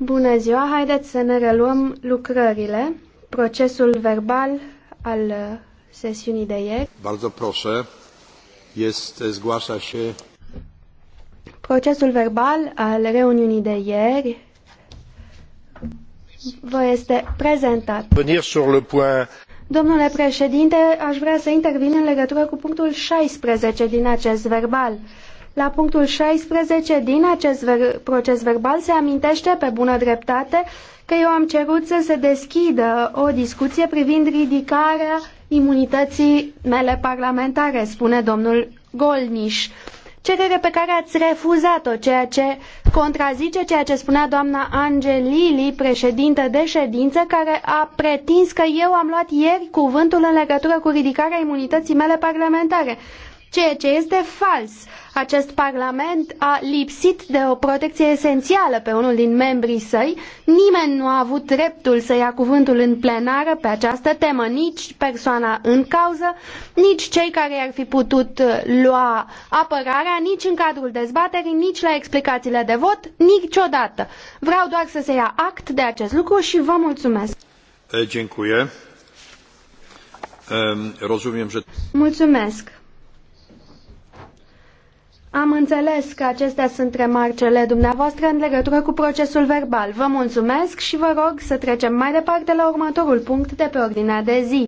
Bună ziua, haideți să ne reluăm lucrările. Procesul verbal al uh, sesiunii de ieri. Bardzo proszę, jest, zgłasza się... Procesul verbal al reuniunii de ieri vă este prezentat. Venir sur le point... Domnule președinte, aș vrea să intervin în legătură cu punctul 16 din acest verbal. La punctul 16 din acest ver proces verbal se amintește pe bună dreptate că eu am cerut să se deschidă o discuție privind ridicarea imunității mele parlamentare, spune domnul Golniș. Cerere pe care ați refuzat-o, ceea ce contrazice ceea ce spunea doamna Angelili, președintă de ședință, care a pretins că eu am luat ieri cuvântul în legătură cu ridicarea imunității mele parlamentare ceea ce este fals. Acest Parlament a lipsit de o protecție esențială pe unul din membrii săi. Nimeni nu a avut dreptul să ia cuvântul în plenară pe această temă, nici persoana în cauză, nici cei care ar fi putut uh, lua apărarea, nici în cadrul dezbaterii, nici la explicațiile de vot, niciodată. Vreau doar să se ia act de acest lucru și vă mulțumesc. Mulțumesc. Am înțeles că acestea sunt remarcele dumneavoastră în legătură cu procesul verbal. Vă mulțumesc și vă rog să trecem mai departe la următorul punct de pe ordinea de zi.